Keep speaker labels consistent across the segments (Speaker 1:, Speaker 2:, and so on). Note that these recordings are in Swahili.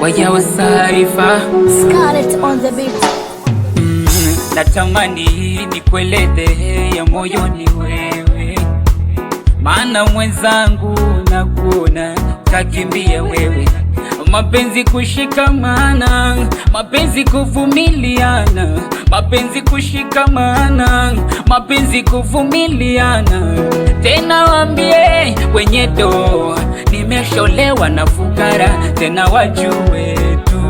Speaker 1: Wajawa Saarifa
Speaker 2: mm,
Speaker 1: natamani nikueleze ya moyoni wewe, maana mwenzangu nakuona takimbia wewe, mapenzi kushikamana, mapenzi kuvumiliana, mapenzi kushikamana, mapenzi kuvumiliana, tena wambie kwenye do, nimesholewa na fukara, tena wajue tu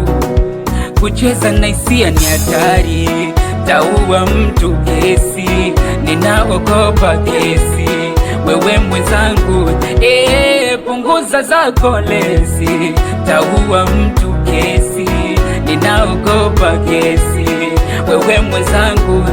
Speaker 1: kucheza na hisia ni hatari, taua mtu kesi, ninaogopa kesi, wewe mwenzangu e, punguza zako lezi, taua mtu kesi, ninaogopa kesi, wewe mwenzangu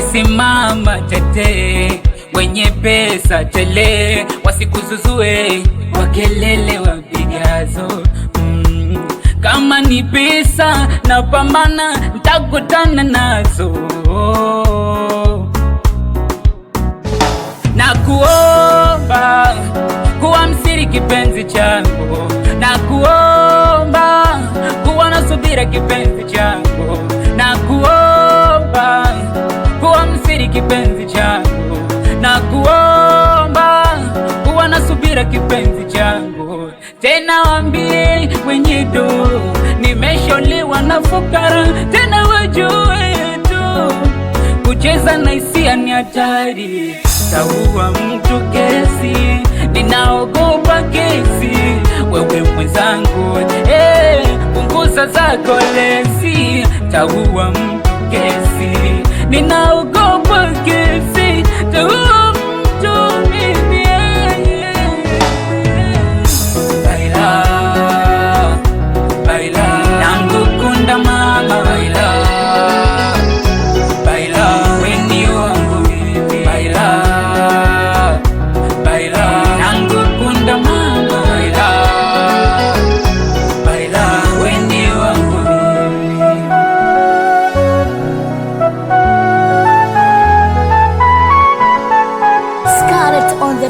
Speaker 1: Umesimama tete, wenye pesa tele, wasikuzuzue wakelele kelele wapigazo. Mm, kama ni pesa na pambana, ntakutana nazo na kuomba kuwa msiri kipenzi changu, na kuomba kuwa na subira kipenzi changu na kuomba, kuwa na subira kipenzi changu, tena wambie wenye do nimesholiwa na fukara, tena wajue tu kucheza na hisia ni hatari, taua mtu kesi, ninaogopa kesi, wewe mwenzangu hey, eh, punguza zako lesi, taua mtu kesi, ninaogopa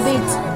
Speaker 2: beat.